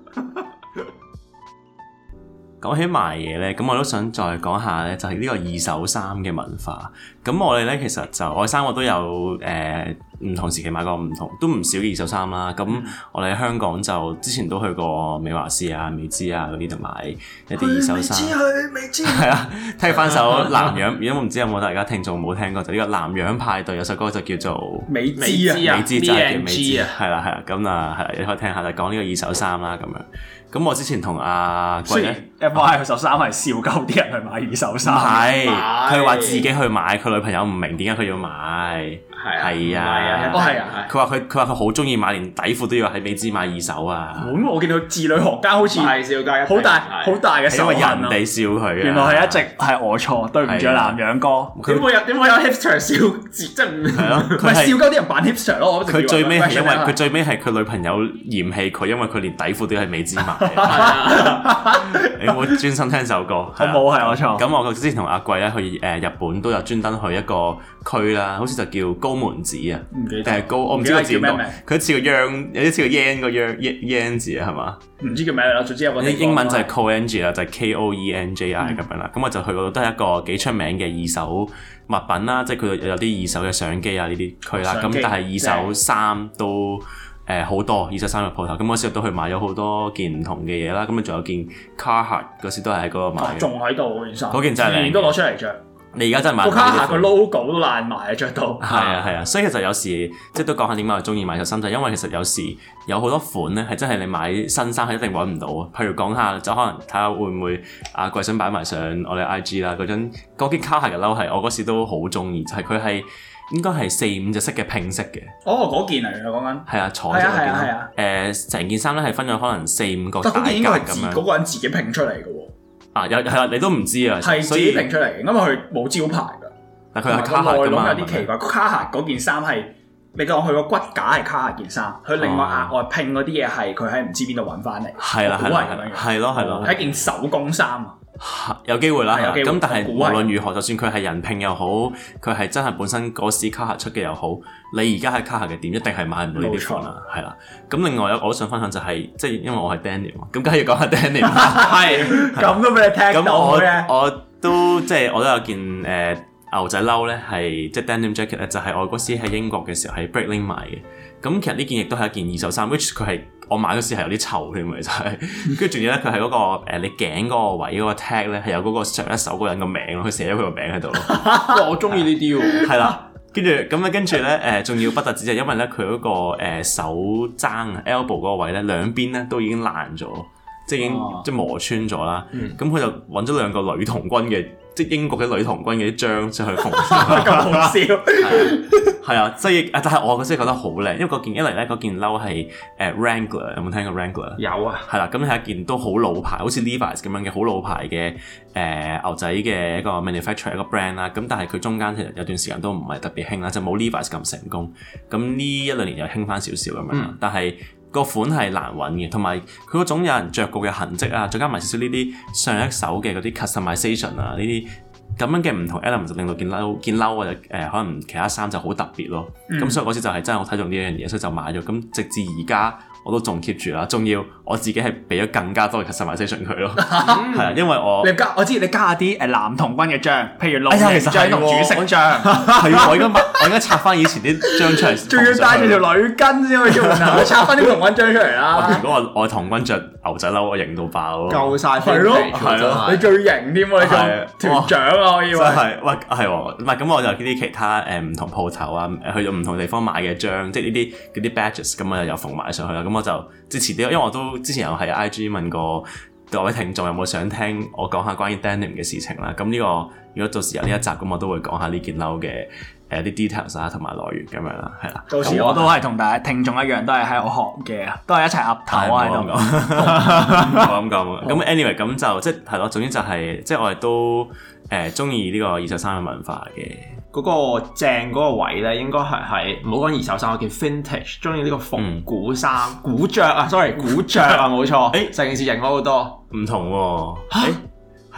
講起賣嘢咧，咁我都想再講下咧，就係呢個二手衫嘅文化。咁我哋咧其實就，我三個我都有誒唔、呃、同時期買過唔同，都唔少嘅二手衫啦。咁我哋香港就之前都去過美華絲啊、美之啊嗰啲，同埋、啊、買一啲二手衫。美之去美之。係啊， (laughs) 聽翻首南洋，如果唔知有冇，大家聽眾冇聽過就呢個南洋派對，有首歌就叫做美之美之就係美之啊，係啦係啦，咁啊係、係啦，你可以聽下就講呢個二手衫啦咁樣。咁我之前同阿貴咧。說 F Y 佢十三係笑鳩啲人去買二手衫，係佢話自己去買，佢女朋友唔明點解佢要買，係啊，都係啊，佢話佢佢話佢好中意買，連底褲都要喺美姿買二手啊。咁我見到智女學家好似笑鳩，好大好大嘅，因為人哋笑佢，原來係一直係我錯，對唔住南洋哥。點會有點會有 Hipster 笑？真係佢咪笑鳩啲人扮 Hipster 咯。佢最尾係因為佢最尾係佢女朋友嫌棄佢，因為佢連底褲都係美姿買。 (laughs) 有冇專心聽首歌？啊、我冇，係我錯。咁、嗯、我之前同阿貴咧去誒、呃、日本，都有專登去一個區啦，好似就叫高門子啊，定係高？我唔知佢叫咩名。佢似個央，有啲似個 y e 個 yen yen 字係嘛？唔知叫咩啦，總之有我英文就係 koeng 啊，就係 k o, eng, k o e n j 啊咁、嗯、樣啦。咁我就去嗰度都係一個幾出名嘅二手物品啦，即係佢有啲二手嘅相機啊呢啲區啦。咁機但係二手衫、就是、都。誒好多二十三個鋪頭，咁我嗰時都去買咗好多件唔同嘅嘢啦。咁啊、嗯，仲有件 Carhartt 嗰時都係喺嗰個買，仲喺度嗰件衫，年年都攞出嚟着，你而家真係買到 Carhartt 個 logo 都爛埋啊，着到，啊。係啊係啊，所以其實有時即係都講下點解我中意買套衫就因為其實有時有好多款咧係真係你買新衫係一定揾唔到啊。譬如講下，就可能睇下會唔會啊，Gwei 想擺埋上我哋 IG 啦嗰張嗰件 Carhartt 嘅褸係我嗰時都好中意，就係佢係。應該係四五隻色嘅拼色嘅。哦，嗰件嚟嘅，講緊。係啊，彩色係啊係成件衫咧係分咗可能四五個大格咁樣。嗰個人自己拼出嚟嘅喎。啊，有，係啊，你都唔知啊。係自己拼出嚟嘅，因為佢冇招牌㗎。但佢係卡下㗎嘛。有啲奇怪，卡下嗰件衫係你當佢個骨架係卡下件衫，佢另外額外拼嗰啲嘢係佢喺唔知邊度揾翻嚟。係啊係啊係啊。係咯係咯，一件手工衫啊！有機會啦，咁的但係無論如何，我猜 就算佢係人品又好，佢係的真係本身嗰時卡下出嘅又好，你而家喺卡下嘅店一定係買唔到呢啲款啦，係啦錯。咁另外我想分享就係、是，即、就、係、是、因為我係 denim 嘛，咁梗係要講下 denim，係咁都俾你聽咁嘅。 (laughs) 我我都即係、就是、我都有件誒、呃、牛仔褸咧，係即係 denim jacket 咧，就係我嗰時喺英國嘅時候喺 b r i、right、k l i n g 買嘅。咁其實呢件亦都係一件二手衫，which 佢係。我買嗰時係有啲臭嘅，咪就係、是，跟住仲要咧，佢係嗰個、呃、你頸嗰個位嗰、嗰個 tag 咧，係有嗰個上一手嗰個人嘅名咯，佢寫咗佢個名喺度咯。 (laughs) 哇，我中意、哦、 (laughs) 呢啲喎。係、呃、啦，跟住咁咧，跟住咧誒，仲要不特止係因為咧佢嗰個、呃、手踭 elbow 嗰個位咧，兩邊咧都已經爛咗，即係已經即係磨穿咗啦。咁佢、啊嗯、就揾咗兩個女童軍嘅。即英國嘅女童軍嘅啲章出去縫，咁 (laughs) 好笑。係啊， (laughs) 所以但係我真係覺得好靚，因為嗰件一嚟咧，嗰件褸係誒、uh, Wrangler，有冇聽過 Wrangler？有啊，係啦，咁係一件都好老牌，好似 Levi's 咁樣嘅好老牌嘅誒、uh, 牛仔嘅一個 manufacturer 一個 brand 啦。咁但係佢中間其實有段時間都唔係特別興啦，就冇 Levi's 咁成功。咁呢一兩年又興翻少少咁樣，嗯、但係。個款係難揾嘅，同埋佢嗰種有人着過嘅痕跡啊，再加埋少少呢啲上一手嘅嗰啲 customization 啊，呢啲咁樣嘅唔同 element 就令到件褸件褸啊誒、呃，可能其他衫就好特別咯。咁、嗯、所以嗰次就係真係好睇中呢樣嘢，所以就買咗。咁直至而家。我都仲 keep 住啦，仲要我自己係俾咗更加多嘅實物證佢咯，係啊，因為我你加我知你加下啲誒男童軍嘅章，譬如露營章、煮食章，係我而家我而家拆翻以前啲章出嚟，仲要戴住條女巾先可以出門啊！我拆翻啲童軍章出嚟啦。我我童軍着牛仔褸，我型到爆咯，夠曬型係咯，你最型添，你仲團長啊！我以為真係喂係喎，咁我就啲其他誒唔同鋪頭啊，去到唔同地方買嘅章，即係呢啲嗰啲 badges，咁啊又縫埋上去啦。咁我就即係遲啲，因為我都之前有喺 I G 問過各位聽眾有冇想聽我講下關於 Denim 嘅事情啦。咁呢個如果到時有呢一集，咁我都會講下呢件褸嘅誒啲 details 啊，同埋來源咁樣啦，係啦。到時我都係同大家聽眾一樣，都係喺度學嘅，都係一齊噏頭啊，咁講對，咁講。Anyway，咁就即係咯，總之就係即係我哋都誒中意呢個二十三嘅文化嘅。嗰個正嗰個位咧，應該係喺唔好講二手衫，我叫 Vintage，中意呢個復古衫、嗯、古著啊，sorry，古著啊，冇錯。誒、欸，成件事型格好多，唔同喎。嚇蛤，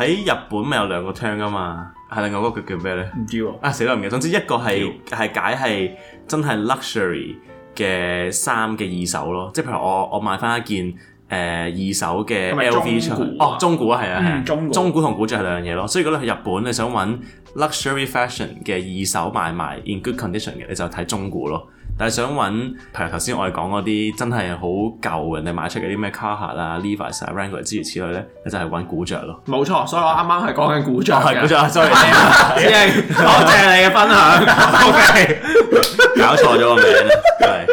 喺日本咪有兩個廳噶嘛？係另外嗰個叫咩咧？唔知喎。啊，死啦，唔記得。總之一個係係解係真係 luxury 嘅衫嘅二手咯，即係譬如我我買翻一件。誒，二手嘅 LV 哦，中古啊，係啊係啊，中古同、啊啊、古、古、古著係兩樣嘢咯。所以如果你日本你想揾 luxury fashion 嘅二手買賣 in good condition 嘅，你就睇中古咯。但係想揾，譬如頭先我哋講嗰啲真係好舊人哋買出嗰啲咩 Carhartt 啊、Levi's 啊 Wrangler 嘅之如此類咧，你就係、是、揾古著咯。冇錯，所以我啱啱係講緊古著、 (laughs) 嗯就是、古冇錯，所以 sorry，哎、 (laughs) 多謝你嘅分享。搞 (laughs) Okay. (laughs) 錯咗個名，係，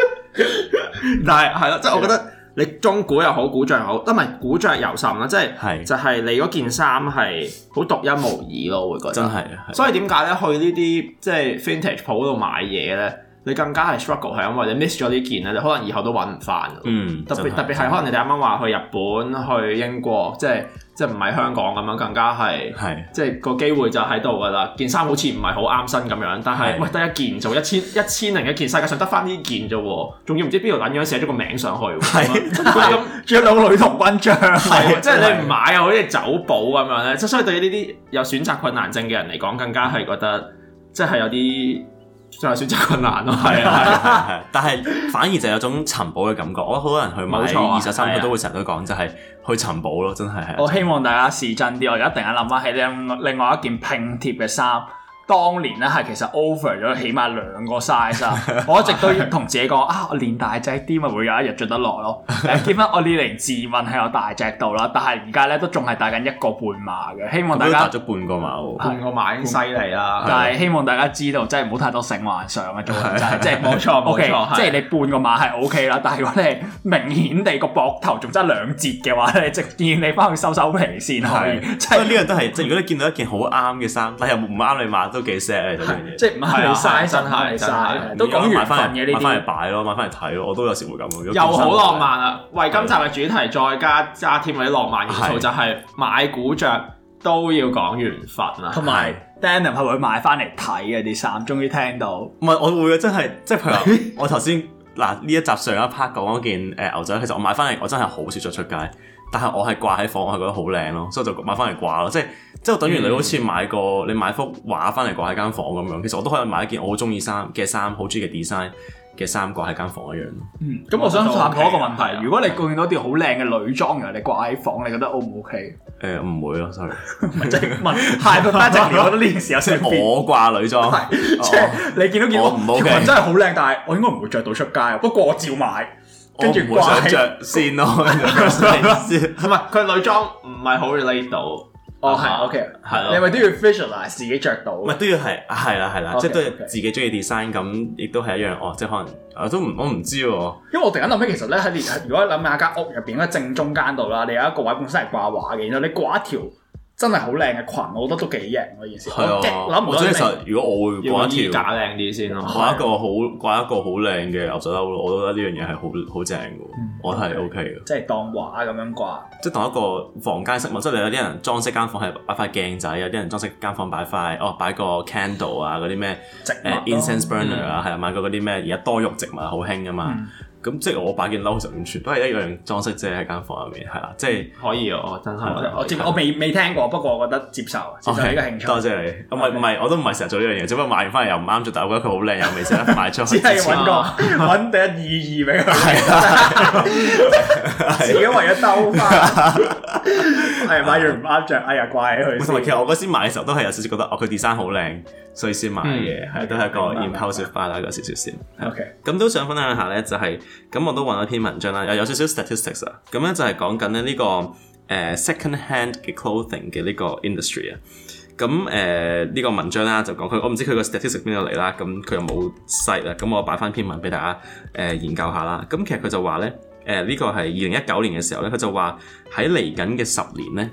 (laughs) (laughs) (laughs) 但係係咯，即係我覺得。你中古又好，古著又好，唔、啊、係古著尤甚啦，即係是就係你嗰件衫係好獨一無二咯，會覺得真係的。所以點解咧去、就是、呢啲即係 vintage 鋪度買嘢咧，你更加係 struggle 係或者 miss 咗呢件咧，你可能以後都揾唔翻。嗯，特別特別係可能你哋啱啱話去日本、去英國，即係。即係唔係香港咁樣，更加係，是即係、個機會就喺度噶啦。件衫好似唔係好啱身咁樣，但係，是喂得一件就一千一千零一件，世界上得翻呢件啫喎，仲要唔知邊度撚樣寫咗個名上去，咁著兩個女童軍章是，即係你唔買啊，好似走寶咁樣咧。即所以對呢啲有選擇困難症嘅人嚟講，更加係覺得即係有啲。就係選擇困難咯，啊，係 (laughs) 啊係啊係，啊啊， (laughs) 但係反而就有種尋寶嘅感覺， (laughs) 我好多人去買，啊、二十三，佢都會成日都講就係去尋寶咯，真係。我希望大家試真啲，我而家突然間諗翻起另另外一件拼貼嘅衫。當年咧，係其實 over 咗起碼兩個 size 啊！我一直都同自己講啊，我練大隻啲咪會有一日著得落咯。結婚我呢嚟自問係我大隻度啦，但係而家咧，都仲係戴緊一個半碼嘅。希望大家都大咗半個碼喎，半個碼已經犀利啦。但係希望大家知道真係唔好太多性幻想啊，做真係即係冇錯冇錯，即係你半個碼係 OK 啦。但係如果你係明顯地個膊頭仲爭兩截嘅話，你直接你翻去收收皮先係。即係呢樣都係即如果你見到一件好啱嘅衫，但係又唔啱你碼都幾 sad 即係唔係真係嘥，都講緣分嘅呢啲，買翻嚟擺咯，買翻嚟睇咯，我都有時會咁樣。又好浪漫啦，為今集嘅主題再加加添啲浪漫元素，就係買古着都要講緣分啦。同埋 denim 係會買翻嚟睇嘅啲衫，終於聽到。唔係我會嘅，真係即係譬如我頭先嗱呢一集上一 part 講嗰件誒牛仔，其實我買翻嚟，我真係好少着出街。但係我係掛喺房，我係覺得好靚咯，所以就買翻嚟掛咯，即係即係等於你好似買個你買幅畫翻嚟掛喺間房咁樣，其實我都可以買一件我好中意衫嘅衫，好中意嘅 design 嘅衫掛喺間房一樣咯，啊。咁，嗯嗯、我想問阿一個問題，如果你見到啲好靚嘅女裝嘅，的你掛喺房你覺得 O 唔 O K？誒唔會咯，sorry，係， (laughs) 就是， (laughs) 但係我覺得呢件事有少少我掛女裝，即係說 (laughs) 你見到見到條裙真係好靚，但係我應該唔會着到出街，不過我照買。 (laughs) 跟住掛着想先咯，係咪？佢女裝唔係好 relate 到，哦，係，OK，係咯。你咪都要 visualize 自己着到，咪都要係，係啦，係啦，即係都係自己中意 design 咁，亦都係一樣。哦，即係可能，我都唔，我唔知喎。因為我突然間諗起，其實咧喺你，如果諗下間屋入邊咧正中間度啦，你有一個位本身係掛畫嘅，然後你掛一條。真係好靚嘅裙，我覺得都幾型咯，意思。係啊，我即係如果我會掛一條假靚啲先咯，掛一個好掛一個好靚嘅牛仔褸咯，我都覺得呢樣嘢係好好正嘅，我係 OK 嘅。即係當畫咁樣掛。即係當一個房間飾物，即你有啲人裝飾間房係擺塊鏡仔，有啲人裝飾間房擺塊哦，擺個 candle 啊嗰啲咩，誒 incense burner 啊，係咪嗰啲咩，而家多肉植物好興㗎嘛。咁即係我擺件褸就完全都係一樣裝飾啫，喺間房入面係啦，即係可以哦，嗯、真係我接我未未聽過，不過我覺得接受，接受呢個興趣多謝你。唔係唔係我都唔係成日做呢樣嘢，只不過買完翻嚟又唔啱着。但我覺得佢好靚，又未捨得賣出去， (laughs) 只係揾個揾第一意義俾佢， (laughs) (laughs) (laughs) 自己為咗兜翻。 (laughs) (laughs) 係買完唔啱着，哎呀，怪佢。同埋，其實我嗰時買嘅時候都係有少少覺得，哦，佢啲衫好靚，所以先買嘅，係、嗯、都係一個 impulsive 化啦，file，嗯、個少少先。OK，咁都想分享一下咧，就係、是、咁，我都揾咗篇文章啦，又有少少 statistics 啊。咁咧就係講緊咧呢個誒、呃、second hand 嘅 clothing 嘅呢個 industry 啊。咁誒呢個文章啦就講佢，我唔知佢個 statistics 邊度嚟啦。咁佢又冇 site 啦。咁我擺翻篇文俾大家誒研究下啦。咁、呃呃、其實佢就話咧。誒呢、呃這個係二零一九年嘅時候咧，佢就話喺嚟緊嘅十年咧，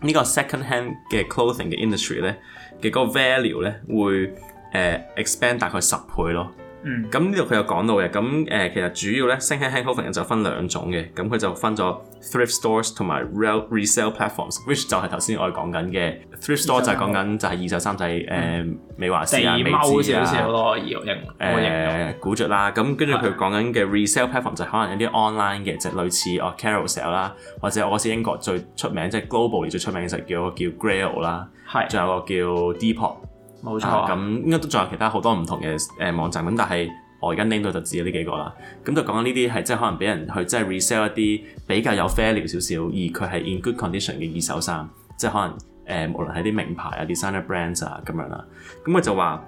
呢、這個 second hand 嘅 clothing 嘅 industry 咧嘅個 value 咧會誒、呃、expand 大概十倍咯。嗯，咁呢度佢有講到嘅，咁誒、呃、其實主要咧，升起興嗰份嘅就分兩種嘅，咁佢就分咗 thrift stores 同埋 real resell re platforms，which 就係頭先我哋講緊嘅、嗯、thrift store、嗯、就係講緊就係二手三仔誒、呃嗯、美華絲啊、地摩 美子啊好多二手嘢，誒古、呃、業著啦，咁跟住佢講緊嘅 resell platform 就可能有啲 online 嘅，就是、類似哦 Carousell 啦，或者我知英國最出名即係、就是、global 最出名嘅就叫，叫是個叫 grail 啦，係，仲有個叫 Depop。冇錯，咁、啊、應該都仲有其他好多唔同嘅誒、呃、網站，咁但係我而家拎到就只有呢幾個啦。咁就講緊呢啲係即係可能俾人去即係 resell 一啲比較有 value 少少，而佢係 in good condition 嘅二手衫，即係可能誒、呃、無論係啲名牌啊、designer brands 啊咁樣啦。咁佢就話，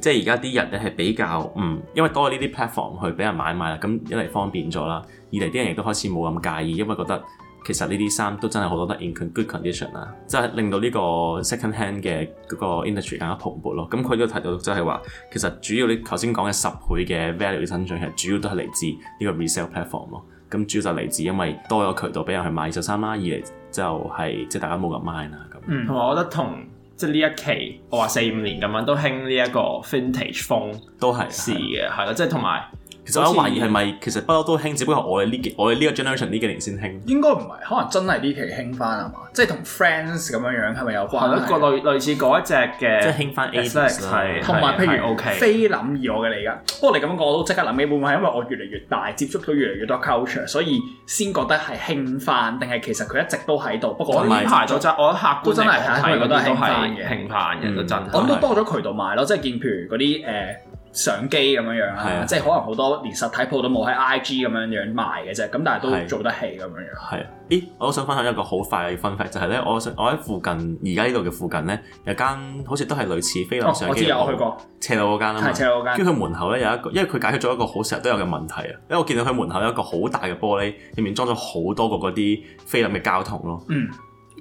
即係而家啲人咧係比較嗯，因為多咗呢啲 platform 去俾人買賣啦，咁一嚟方便咗啦，二嚟啲人亦都開始冇咁介意，因為覺得。其實呢啲衫都真係好多得 in good condition 啦，即係令到呢個 second hand 嘅嗰個 industry 更加蓬勃咯。咁佢都提到就，即係話其實主要你頭先講嘅十倍嘅 value 增長其實主要都係嚟自呢個 resale platform 咯、嗯。咁主要就嚟自因為多咗渠道俾人去買二手衫啦，二嚟就係即係大家冇咁 mind 啦。咁同埋我覺得同即係呢一期我話四五年咁樣都興呢一個 vintage 風，都係係嘅，係啦，即係同埋。其實我懷疑係咪其實不嬲都興，只不過我哋呢幾我哋呢個 generation 呢幾年先興。應該唔係，可能真係呢期興翻啊嘛！即係同 friends 咁樣樣係咪有關？係一個類類似嗰一隻嘅，即係興翻 Alex，同埋譬如 OK。非諗而我嘅嚟㗎，不過你咁樣講，我都即刻諗起會唔會係因為我越嚟越大，接觸到越嚟越多 culture，所以先覺得係興翻，定係其實佢一直都喺度。我呢排就真我客觀真係係因為覺得興翻嘅興翻嘅都真。我都多咗渠道買咯，即係見譬如嗰啲誒。相機咁樣樣啊，即係可能好多連實體鋪都冇喺 IG 咁樣樣賣嘅啫，咁但係都做得起咁樣、啊、樣。係，咦，我都想分享一個好快嘅分法，就係咧，我我喺附近而家呢度嘅附近咧有間好似都係類似菲林相機、哦。我知，有有我去過。斜路嗰間啦，係斜路嗰間。跟住佢門口咧有一個，因為佢解決咗一個好成日都有嘅問題啊，因為我見到佢門口有一個好大嘅玻璃，入面裝咗好多個嗰啲菲林嘅膠筒咯。嗯。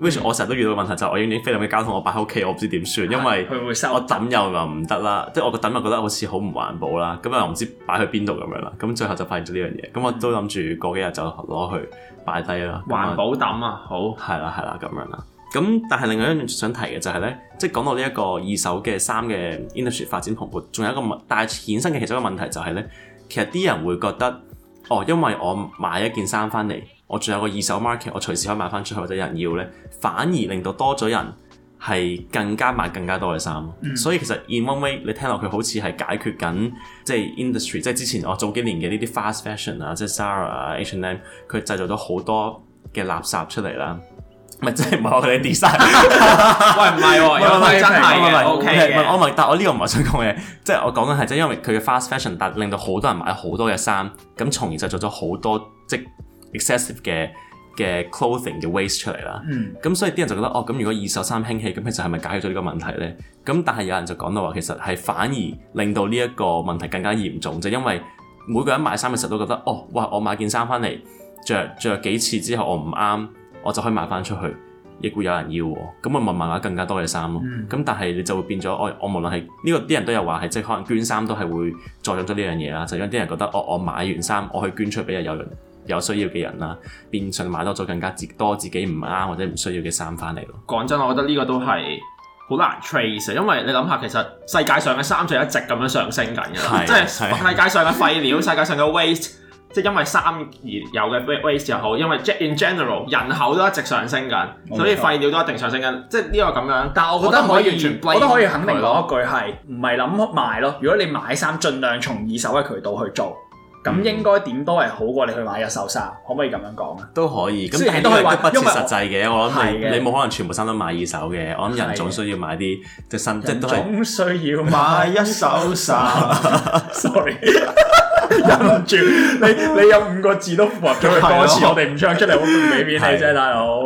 嗯、我成日都遇到嘅問題就係我已經飛臨嘅交通，我擺喺屋企我唔知點算，因為會會我枕又又唔得啦，即係我個抌又覺得好似好唔環保啦，咁又唔知擺去邊度咁樣啦，咁最後就發現咗呢樣嘢，咁我都諗住過幾日就攞去擺低啦。環保抌啊，好，係啦係啦咁樣啦。咁但係另外一樣想提嘅就係咧，即係講到呢一個二手嘅衫嘅 industry 發展蓬勃，仲有一個問題，但係衍生嘅其中一個問題就係咧，其實啲人會覺得，哦，因為我買一件衫翻嚟。我仲有個二手 market，我隨時可以買翻出去或者人要咧，反而令到多咗人係更加買更加多嘅衫。嗯、所以其實 in one way 你聽落佢好似係解決緊即係 industry，即係之前我早幾年嘅呢啲 fast fashion 啊，即係 Zara 啊，H and M，佢製造咗好多嘅垃圾出嚟啦。咪即係唔係我哋啲 design？ (laughs) 喂唔係，唔係、啊、 (laughs) 真係唔係唔係。我問，但我呢個唔係想講嘅，即係我講緊係即係因為佢嘅 fast fashion，但令到好多人買好多嘅衫，咁從而製造咗好多即 excessive 嘅嘅 clothing 嘅 waste 出嚟啦，咁所以啲人就覺得哦，咁如果二手衫興起，咁其實係咪解決咗呢個問題呢？」咁但係有人就講到話，其實係反而令到呢一個問題更加嚴重，就是、因為每個人買衫嘅時候都覺得哦，哇，我買件衫翻嚟着着幾次之後我唔啱，我就可以賣翻出去，亦會有人要喎，咁咪咪買咗更加多嘅衫咯。咁、mm. 嗯嗯、但係你就會變咗，我我無論係呢、呢個啲人都有話係即係可能捐衫都係會再用咗呢樣嘢啦，就因為啲人覺得哦，我買完衫我去捐出俾人有。人。人」有需要嘅人啦，變相買多咗更加多自己唔啱或者唔需要嘅衫翻嚟咯。講真，我覺得呢個都係好難 trace，因為你諗下，其實世界上嘅衫就一直咁樣上升緊嘅，啊、即係世界上嘅廢料、 (laughs) 世界上嘅 waste，即係因為衫而有嘅 waste 又好，因為 in general 人口都一直上升緊，錯所以廢料都一定上升緊，即係呢個咁樣。但我覺得，我覺得可以，我都可以肯定講一句係唔係諗賣咯。如果你買衫，盡量從二手嘅渠道去做。咁應該點都係好過你去買一手衫，可唔可以咁樣講啊？都可以，雖然都係不切實際嘅，我諗你你冇可能全部衫都買二手嘅，我諗人總需要買啲即係新，即係總需要買一手衫。Sorry，忍唔住，你你有五個字都符合咗佢歌詞，我哋唔唱出嚟，我唔俾面你啫，大佬。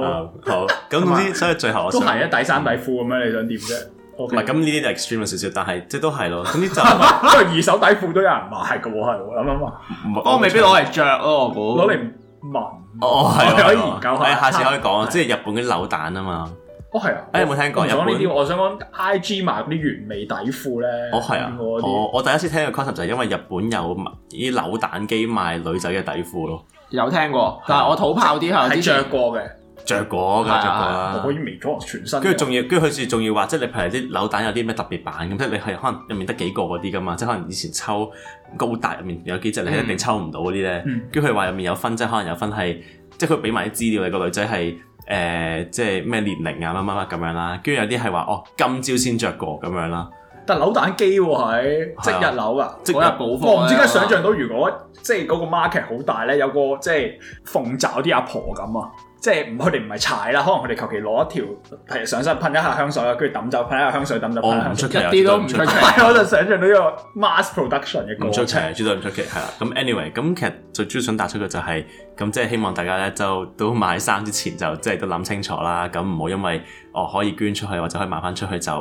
好，咁總之，所以最後都係一底衫底褲咁樣，你想點啫？唔係咁呢啲就 extreme 少少，但係即係都係咯。咁呢就即係二手底褲都有人買嘅喎，係諗一諗。不過未必攞嚟着著，攞嚟聞。哦，係可以研究下。下次可以講，即係日本啲扭蛋啊嘛。哦，係啊。誒，有冇聽過？講呢啲，我想講 IG 賣嗰啲原味底褲咧。哦，係啊。我我第一次聽嘅 concept 就係因為日本有啲扭蛋機賣女仔嘅底褲咯。有聽過，但係我土炮啲係。睇着過嘅。着過噶，着過啦。可以微光全身。跟住仲要，跟住佢仲要話，即係你譬如啲扭蛋有啲咩特別版咁，即係你係可能入面得幾個嗰啲㗎嘛，即係可能以前抽高達入面有幾隻你一定抽唔到嗰啲咧。跟住佢話入面有分，即係可能有分係，即係佢俾埋啲資料你，個女仔係誒，即係咩年齡啊，乜乜乜咁樣啦。跟住有啲係話哦，今朝先着過咁樣啦。但扭蛋機喎係即日扭噶，即日補貨。我唔知點解想像到，如果即係嗰個 market 好大咧，有個即係鳳爪啲阿婆咁啊～即係佢哋唔係踩啦，可能佢哋求其攞一條係上身噴一下香水啦，跟住抌就噴一下香水，抌就噴一下香水，一啲都唔出奇。我就想象到呢個 mass production 嘅過程。咁出奇，絕對唔出奇，係啦。咁 anyway，咁其實最主要想突出嘅就係咁，即係希望大家咧就都買衫之前就即係都諗清楚啦。咁唔好因為哦可以捐出去或者可以賣翻出去就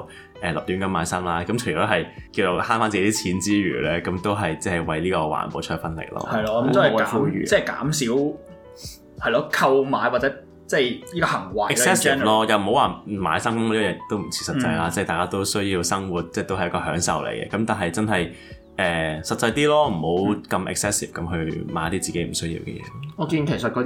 誒立亂咁買衫啦。咁除咗係叫做慳翻自己啲錢之餘咧，咁都係即係為呢個環保出一分力咯。係咯，咁都係減，即係減少。係咯，購買或者即係呢個行為咯，excessive, 又唔好話買新嗰啲嘢都唔切實際啦。即係、嗯、大家都需要生活，即、就、係、是、都係一個享受嚟嘅。咁但係真係誒、呃、實際啲咯，唔好咁 excessive 咁去買啲自己唔需要嘅嘢。我見其實嗰啲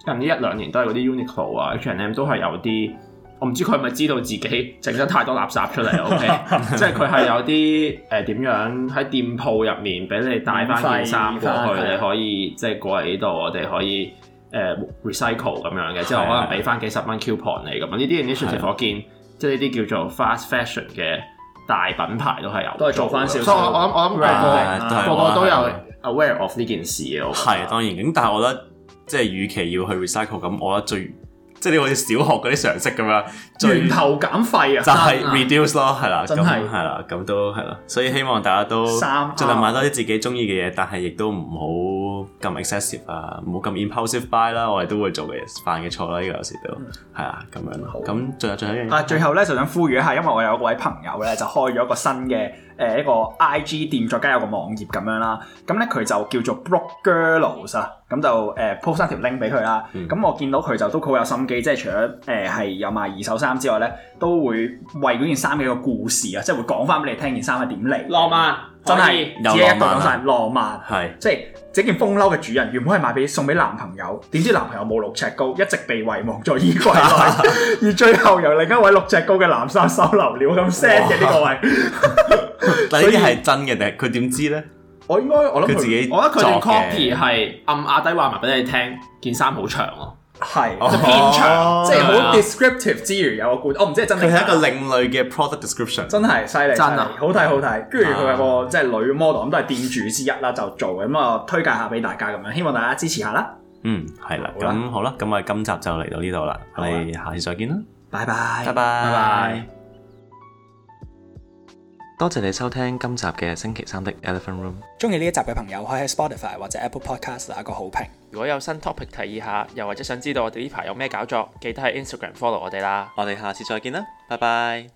近呢一兩年都係嗰啲 Uniqlo 啊、H&M 都係有啲，我唔知佢係咪知道自己整咗太多垃圾出嚟。O.K.， (laughs) 即係佢係有啲誒點樣喺店鋪入面俾你帶翻件衫過去，哈哈你可以即係、就是、過嚟呢度，我哋可以。誒、uh, recycle 咁樣嘅，即係可能俾翻幾十蚊 coupon 你咁啊，呢啲 initiative 上次我見即係呢啲叫做 fast fashion 嘅大品牌都係有，都係做翻少少。我我我諗個個都有 aware of 呢件事嘅，係當然咁。但係我覺得即係與其要去 recycle 咁，我覺得最即係你好似小學嗰啲常識咁樣，源頭減廢啊，就係 reduce 咯，係啦的，咁係啦，咁的都係咯，所以希望大家都盡量買多啲自己中意嘅嘢，但係亦都唔好咁 excessive 啊，唔好咁 impulsive buy 啦，我哋都會做嘅嘢犯嘅錯啦，呢、這個有時都係啊，咁、嗯、樣好。咁最後最後一樣啊，最後咧就想呼籲一下，因為我有一個位朋友咧就開咗個新嘅。 (laughs) 誒一個 IG 店，再加有個網頁咁樣啦，咁咧佢就叫做 Broke Girls 啊，咁就誒 post 翻條 link 俾佢啦。咁、嗯、我見到佢就都好有心機，即係除咗誒係有賣二手衫之外咧，都會為嗰件衫嘅一個故事啊，即係會講翻俾你聽件衫係點嚟。浪漫。真係有一個講晒，浪漫係，漫是即係整件風褸嘅主人原本係買俾送俾男朋友，點知男朋友冇六尺高，一直被遺忘在衣櫃， (laughs) 而最後由另一位六尺高嘅男生收留，了咁 sad 嘅呢個位。但係呢啲係真嘅定係佢點知咧？我應該我諗佢，自己。我覺得佢哋 copy 係的暗壓低話埋俾你聽，件衫好長咯。係，即係場，即係好 descriptive 之餘有個故，我唔知係真定假。係一個另類嘅 product description，真係犀利，真係好睇好睇。跟住佢係個即係女 model 都係店主之一啦，就做咁啊，推介下俾大家咁樣，希望大家支持下啦。嗯，係啦，咁好啦，咁我哋今集就嚟到呢度啦，我哋下次再見啦，拜拜，拜拜，拜拜。多謝你收聽今集嘅星期三的 Elephant Room。中意呢一集嘅朋友可以喺 Spotify 或者 Apple Podcast 打一個好評。如果有新 topic 提議下，又或者想知道我哋呢排有咩搞作，記得喺 Instagram follow 我哋啦。我哋下次再見啦，拜拜。